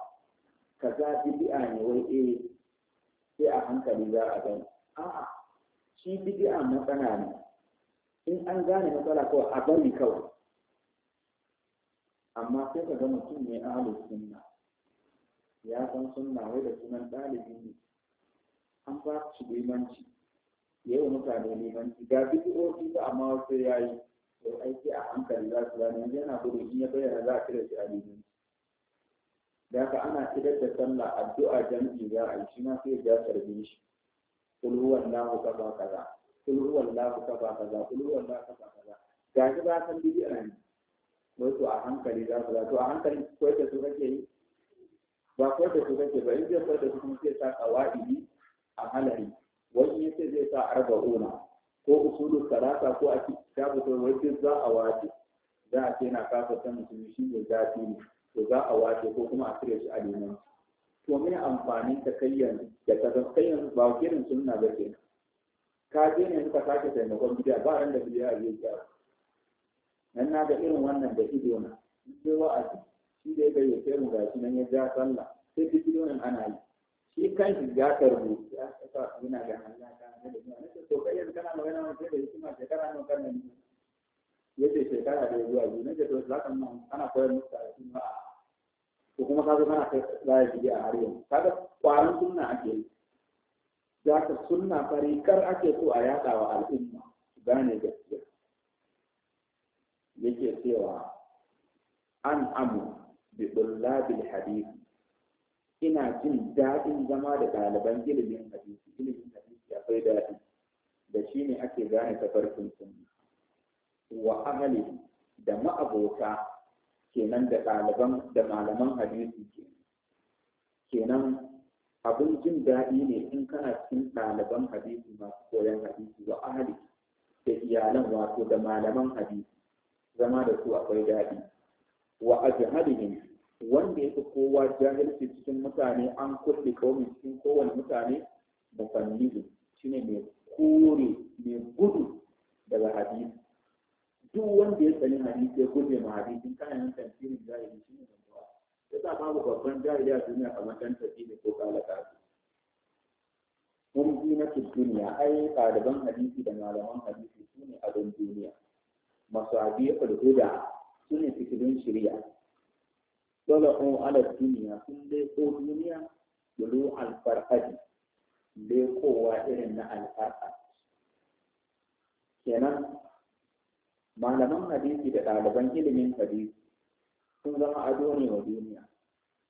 kaza bid'a ne wai eh sai a hankali za a gani a'a shi bid'a matsala ne in an gane matsala kawai a bari kawai amma sai ka ga mutum ne ahlus sunna ya san sunna wai da sunan ɗalibi ne an ba shi limanci ya yi mutane limanci ga bidiyoyi da amma wasu ya yi to aiki a hankali za su gane yanzu yana gudu in ya bayyana za a kira shi a limanci da haka ana kidar da sallah addu'a jami'i za a yi shi ma sai ya karbi shi kul huwallahu kaza kaza kul huwallahu kaza kaza kul huwallahu kaza kaza ga shi ba san bidi'a ne to a hankali za su ga to a hankali ko ta su kake yi ba ko ta su kake ba in zai ko ta su kuma sai sa qawaidi a halari wani ce zai sa arba'una ko usulu salata ko a kitabu to wani za a wace za a ce na kafa san mutum shi ne zafi ne to za a wace ko kuma a cire shi a neman to me amfanin ta kai yanzu da ta zan kai yanzu ba kirin sunna ba ke ka je ne ka sake taimakon gida, ba ran da bidiya zai gyara nan na ga irin wannan da ido na sai wa'azi shi da ya gayyace mu gashi nan ya ja sallah sai duk nan ana yi shi kan shi ya karbu ya saka yana da halaka ne da yana to kai kana magana sai da hikima kan nan yace shekara da zuwa to za ka nan koyar ko kuma ka zo kana kai a har kaga sunna ake yi ka sunna farikar ake so a yaɗa wa al'umma gane gaskiya yake cewa an amu bi ina jin daɗin zama da ɗaliban ilimin hadisi ilimin hadisi akwai daɗi da shi ne ake gane tafarkin sunna wa amali da ma'abota kenan da ɗaliban da malaman hadisi kenan. kenan abin jin daɗi ne in kana cikin ɗaliban hadisi masu koyon hadisi wa ahali da iyalan wato da malaman hadisi zama da su akwai daɗi wa ajhalihim wanda yake kowa jahilci cikin mutane an kulle kawai cikin kowane mutane shi shine mai kore mai gudu daga hadisi duk wanda ya tsani hadisi ya gudu ma hadisi ta yin tafsirin jahili ne mai ya sa babu babban jahili a duniya kamar dan ne ko kala kasu ji na duniya ai ɗaliban hadisi da malaman hadisi su ne abin duniya masu hadiyar huda su ne fitilun shari'a طلعوا على الدنيا sun leko duniya bulu alfarhaji lekowa irin na alfarha kenan malaman hadisi da ɗaliban ilimin hadisi sun zama ado ne wa duniya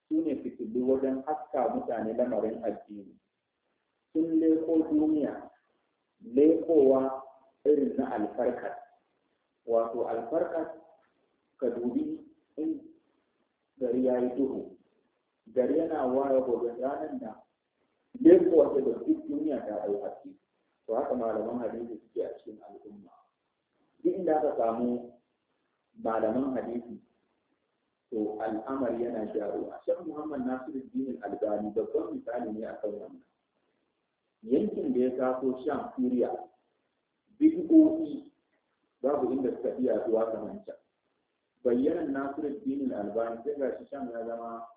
su ne fitilu wajen haska mutane lamarin addini sun leko duniya lekowa irin na alfarkar wato alfarkar ka dubi in gari ya yi duhu gari yana waya gobe ranar da lebo wata da duk duniya ta yi haske to haka malaman hadisi suke a cikin al'umma duk inda aka samu malaman hadisi to al'amari yana gyaruwa shan muhammad Nasiru nasiruddin albani babban misali ne a kan wannan yankin da ya taso shan siriya bid'o'i babu inda suka iya zuwa kamar can bayyanan Nasiruddin Al-Albani sai ga shi shan ya zama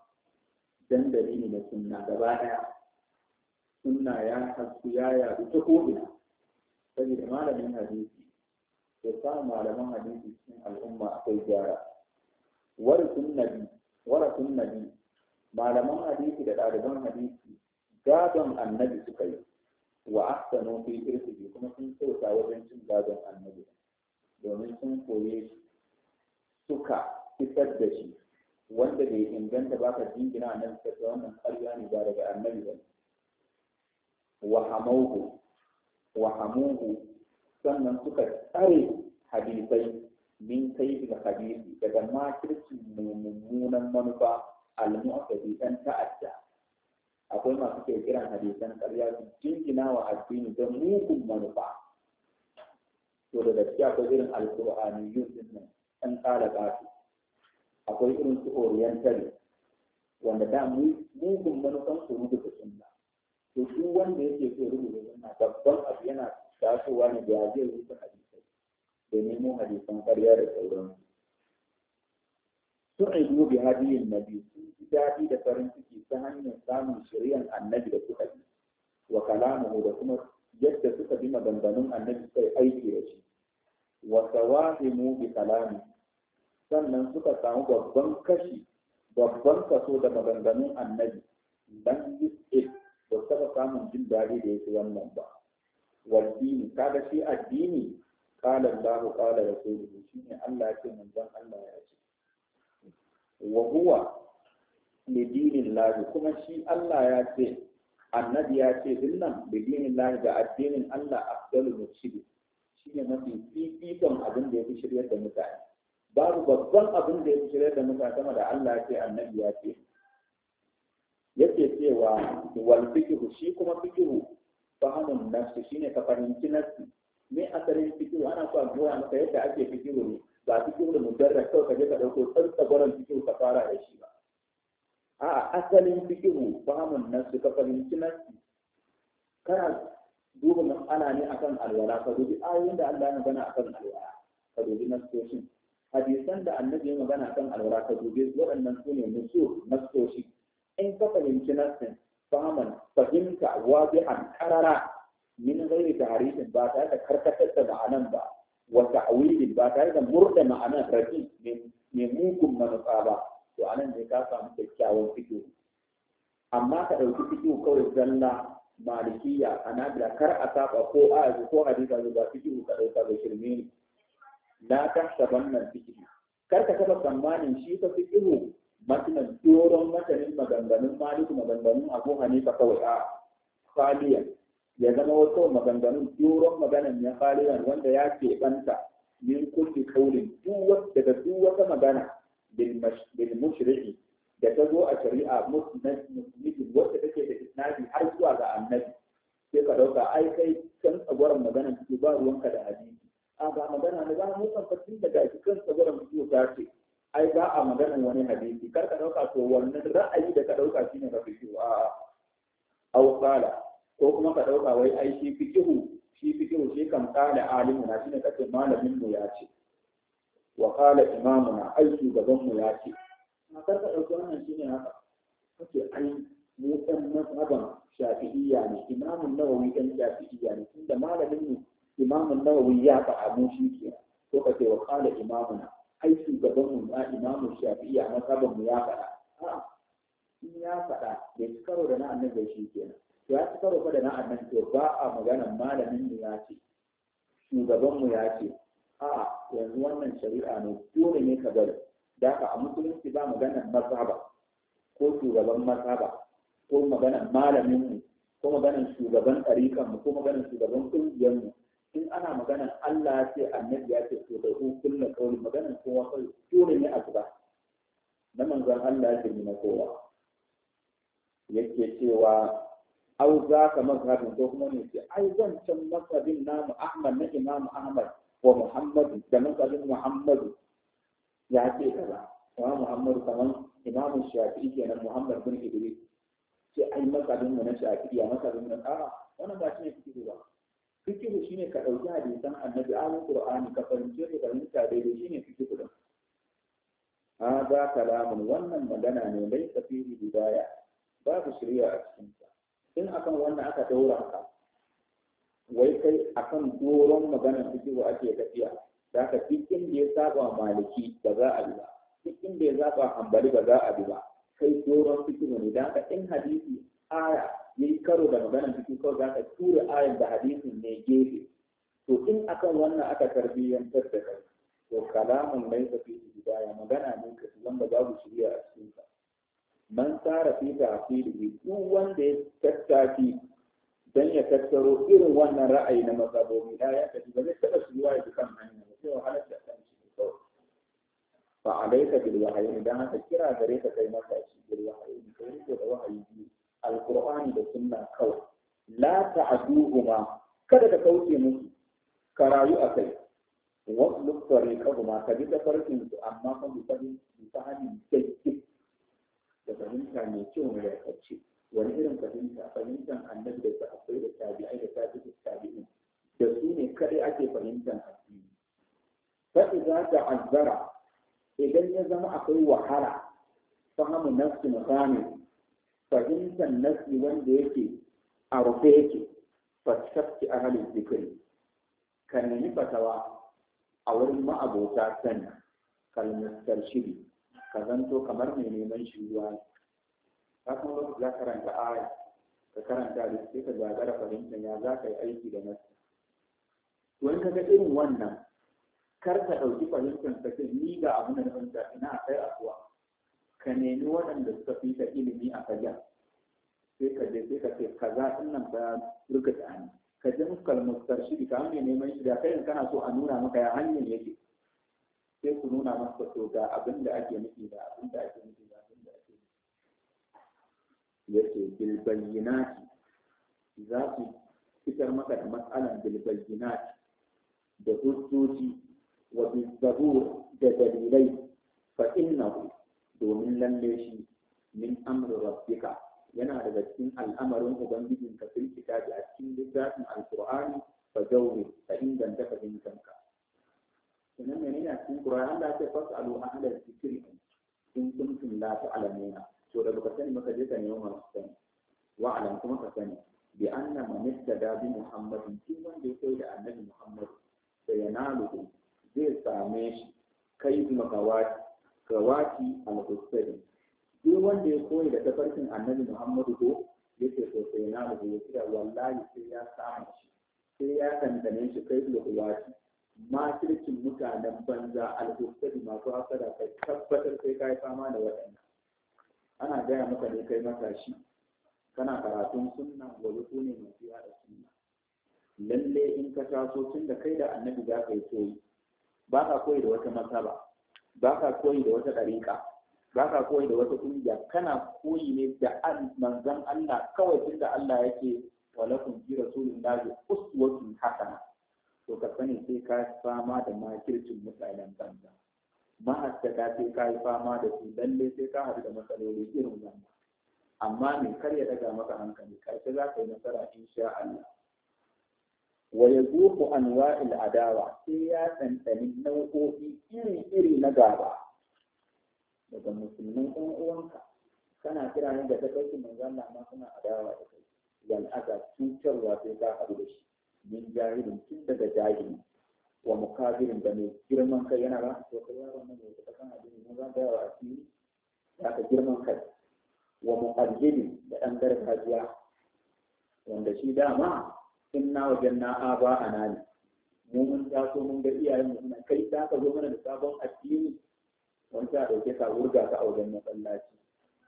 dandali ne na sunna gaba daya sunna ya hasu ya yadu ta ko'ina saboda malamin hadisi da sa malaman hadisi cikin al'umma akwai gyara warasun nabi warasun nabi malaman hadisi da ɗaliban hadisi gadon annabi suka yi wa ahsanu fi irsihi kuma sun kyauta wajen cin gadon annabi domin sun koye shi suka fitar da shi wanda bai inganta ba ka jingina nan ta wannan ƙarya ne ba daga annabi ba wa hamuhu wa hamuhu sannan suka tsare hadisai min kaidil hadisi daga makircin mummunan manufa al-mu'tadi dan ta'adda akwai masu ke kiran hadisan ƙarya su jingina wa addini don mugun manufa to da gaskiya ko irin alƙur'ani yun nan ɗan ƙara ƙato akwai irin su oriental wanda da mugun manufan su da sunna to shi wanda yake so da sunna babban abu yana tasowa ne da ya zai rubuta hadisai da nemo hadisan ƙarya da sauran Su ai aibu bi hadiyin nabi sun ji daɗi da farin ciki ta hanyar samun shari'an annabi da suka bi wa kalamuhu da kuma yadda suka bi maganganun annabi sai aiki da shi wa sawahimu bi kalami sannan suka samu babban kashi babban kaso da maganganun annabi dan yi ba taɓa samun jin daɗi da yake wannan ba waddini kaga shi addini qala Allah qala shi ne Allah ce manzon Allah ya ce wa huwa lidinin lahi kuma shi Allah ya ce annabi ya ce dinnan lidinin lahi da addinin Allah afdalu shi ne mafi fifikon abin da ya fi shirya da mutane babu babban abin da ya fi shirya da muka sama da Allah ya ce annabi ya ce yake cewa wal fikihu shi kuma fikihu fahimun nafsi shine ka fahimci nafsi me asalin fikihu ana so a goya maka yadda ake fikihu ne ba fikihu da mudarra kawai ka je ka dauko tsantsagoran fikihu ka fara da shi ba a'a asalin fikihu fahimun nafsi ka fahimci nafsi kana duba mas'ala ne akan alwala ka dubi ayoyin da Allah ya magana akan alwala ka dubi nasoshin hadisan da annabi ya magana kan alwala ta dubi, waɗannan su ne musu nasoshi in ka fahimci nasin fahiman fahimta an karara min ghairi tarihin ba tare da karkatar da ma'anan ba wa ta'wilin ba tare da murda ma'anan rafi mai mugun manufa ba to anan ne ka samu kyakkyawan fito amma ka ɗauki fito kawai zalla malikiya anabila kar a saba ko a ko hadisa zuba fito ka ɗauka da shirme ne la tahsabanna dhikri kar ka taba tsammanin shi fi ihu. matanan doron matanin maganganun maliku maganganun abu hanifa kawai a khaliya ya zama wato maganganun doron maganan ya khaliya wanda ya banta min kulli kaulin daga duk wata magana bil mushri'i da ta zo a shari'a musulmi wacce take da isnadi har zuwa ga annabi sai ka dauka ai kai kan tsagwaron magana ba ruwanka da hadisi a ba magana ne ba mu san fatin daga cikin saburan bidiyo ta ce ai ba a magana wani hadisi kar ka dauka to wannan ra'ayi da ka dauka shine ka fikihu a aw qala ko kuma ka dauka wai ai shi fikihu shi fikihu shi kan qala alimu na shine ka ce malamin mu ya ce wa qala imamuna ai shugaban mu ya ce kar ka dauki wannan shine haka kace ai mu ɗan mazhaban shafi'iyya ne imamun nawawi ɗan shafi'iyya ne tunda malamin mu imam nawawi ya faɗa mu shi ke ko ka ce wa kala imamuna ai gaban mu na imamun shafi'i a masaban mu ya faɗa a'a in ya faɗa bai ci karo da na annabi shi to ya ci karo da na annabi to ba a magana malamin mu ya ce shugaban mu ya ce a'a yanzu wannan shari'a ne dole ne ka bari da ka a musulunci ba maganar masaba ko shugaban masaba ko maganar malamin mu ko maganar shugaban ɗarikan mu ko maganar shugaban ƙungiyar mu in ana maganan Allah ce annabi ya ce to da ku kullu kaulin maganan kowa kai dole ne a gaba na manzon Allah ce ni na kowa yake cewa au za ka mazhabin ko kuma ne ce ai zan can mazhabin namu Ahmad na Imam Ahmad wa Muhammad da mazhabin Muhammad ya ce kaza wa Muhammad kaman Imam Shafi'i kenan Muhammad bin Idris ce ai mazhabin mu na Shafi'i ya mazhabin mu na a'a wannan ba shi ne fikiri ba shi ne ka ɗauki hadisan annabi alin qur'ani ka fahimce su fahimta daidai shine A za ka kalamun wannan magana ne mai fihi hidaya su shirya a cikin sa in akan wannan aka daura ka wai kai akan doron maganar wa ake tafiya Za ka duk da ya saba maliki ba za a bi ba duk ya saba hambali ba za a bi kai doron fikihu ne da ka in hadisi aya ya yi karo da maganar cikin kawai za ka tura ayan da hadisin ne gefe to in akan wannan aka tarbiyyantar da kai to kalamun laisa fi hidaya magana ne ka wanda babu shirya a cikin ka man tsara fi tafsiri duk wanda ya tattafi dan ya tattaro irin wannan ra'ayi na mazhabobi da ya tafi ba zai taɓa shiriwa ya kan hanya ba sai wahalar da kan shi kawai fa bil wahayi dan haka kira gare ka kai masa shi bil wahayi kai rike da wahayi biyu alqur'ani da sunna kawai la ta'duhuma kada ka kauce musu ka rayu a kai wasu tariqahuma ka bi da farkin su amma kan bi sanin bi sanin sai da fahimta mai kyau mai yarkace wani irin fahimta fahimtar annabi da sahabbai da tabi'ai da tabi'in tabi'in da su ne kadai ake fahimtar addini fa idza ta'azzara idan ya zama akwai wahala fahimu nafsin ghamid fahimtar nasi wanda yake a rufe yake a halin zikiri ka nemi fatawa a wurin ma'abota sani kalmastar shiri ka zanto kamar mai neman shiruwa ka kuma wasu za karanta aya ka karanta da sai ka zagara fahimtar ya za ka yi aiki da nasi wani kaga irin wannan kar ka ɗauki fahimtar sakin ni ga abin da na fahimta ina kai kuwa ka nemi waɗanda suka fi ka ilimi a fajar sai ka je sai ka ce kaza in nan ka rika ta ani ka je muskal shi ka hanyar neman shi da kai kana so a nuna maka ya hanyar yake sai ku nuna masa to ga abin da ake nufi da abin da ake nufi da abin da ake nufi yace bil za su fitar maka da matsalan bil da hujjoji wa bil da dalilai fa innahu domin lalle shi min amri rabbika yana daga cikin al'amarin ubangijin ka fil kitabi a cikin littafin alqur'ani fa jawri ka inganta fahimtanka sannan ne yana cikin qur'ani Allah ya fasa alu ahla zikri in kuntum la ta'lamuna to da baka sani maka je ka nemi masu sani wa alam kuma ka sani bi anna man ittada bi muhammadin duk wanda ya kai da annabi muhammad sai ya zai same shi kai makawati rawati al-husari duk wanda ya koyi da tafarkin annabi muhammadu ko Yake so sai na da ya kira wallahi sai ya samu shi sai ya dandane shi kai da ma makircin mutanen banza al ko masu da kai tabbatar sai kai fama da waɗannan ana gaya maka ne kai matashi kana karatun sunna gobe sune ne masu da sunna lalle in ka taso tun da kai da annabi za ka yi koyi ba ka koyi da wata masaba ba ka koyi da wata ɗariƙa ba ka koyi da wata ƙungiya kana koyi ne da manzan Allah kawai inda Allah yake walakum fi rasulillahi uswatun hasana to ka sani sai ka fama da makircin mutanen banza mahaskaka sai ka yi fama da su lalle sai ka haɗu da matsaloli irin wannan amma me kar ya daga maka hankali karshe za ka yi nasara in sha Allah wa ya zuku anwa'il adawa sai ya tsantsani nau'o'i iri-iri na gaba daga musulmin ɗan uwanka kana kira ni da takaici manzo Allah ma suna adawa da kai wal azab cutarwa sai ka haɗu da shi min jahilin tun daga jahili wa mukabirin da mai girman kai yana ba to kai yaron nan ne ka kan addini mun za ka yawa a za ka girman kai wa muqaddimi da dan gargajiya wanda shi dama inna wajanna aba anani mu mun taso mun ga iyayen mu suna kai da ka zo mana da sabon addini wani ta dauke ka wurga ka a wajen masallaci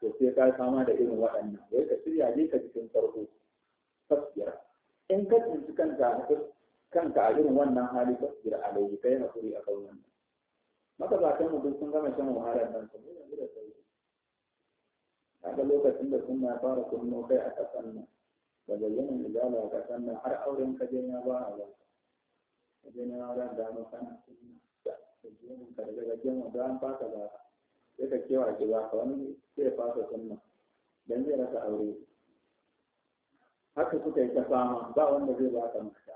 to sai ka kama da irin waɗannan wai ka shirya je ka cikin farko tafsira in ka tsinci kanka kanka a irin wannan hali a alayhi kai kuri a kan wannan magabatan mu duk sun gama shan wahalar nan su ne yanzu da sauri kaga lokacin da sunna fara kunno kai a kasan nan da bayyana da ga sannan har auren ka je na ba a ba ka je na ran da mu kana sunna da mun ka daga jinin da an fasa ba sai ka kewa ki ba ka wani sai fasa sunna dan zai rasa aure haka suka yi ta fama ba wanda zai ba ka mata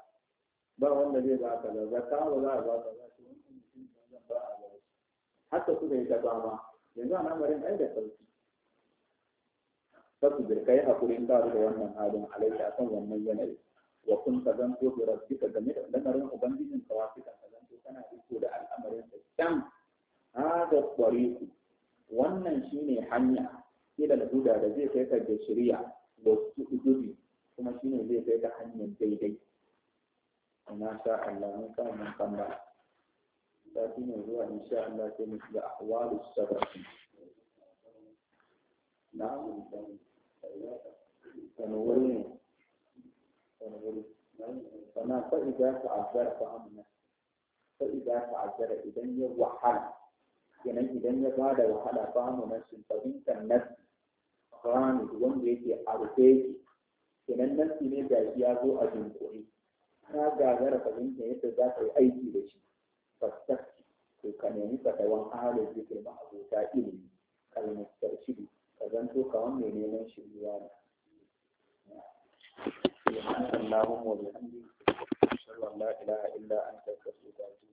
ba wanda zai ba ka da zaka ba za a ba ka za ki wani mutum ba a ba haka suka yi ta fama yanzu a nan ai da sauki kasu da kai hakurin ba da wannan halin alaika kan wannan yanayi wa kun ka zanto rabbi ka game da lamarin ubangijin ka wasu ka zanto kana riko da al'amarin sa can hada ku wannan shine hanya ke da huda da zai kai ka da shari'a da su udubi kuma shine zai kai ka hanyar daidai amma sha Allah mun ka mun kamba shi ne zuwa insha Allah sai mu shiga ahwalus sabr na wani ne wani wuri sannan fa'iza ta'azzara fa'amuna fa'iza ta'azzara idan ya wahala kenan idan ya ba da wahala fa'amuna sun fahimtar nasi rani wanda yake a rufe yake kenan nasi ne da ya zo a jinkuri ka gagara fahimtar yadda za ka yi aiki da shi fasakci to ka nemi fatawan ahalin zikir abota ilimi kalmar tarshidi zanto kawon mai neman shirya ne Allahumma wa bihamdika sallallahu la ilaha illa an astaghfiruka wa atubu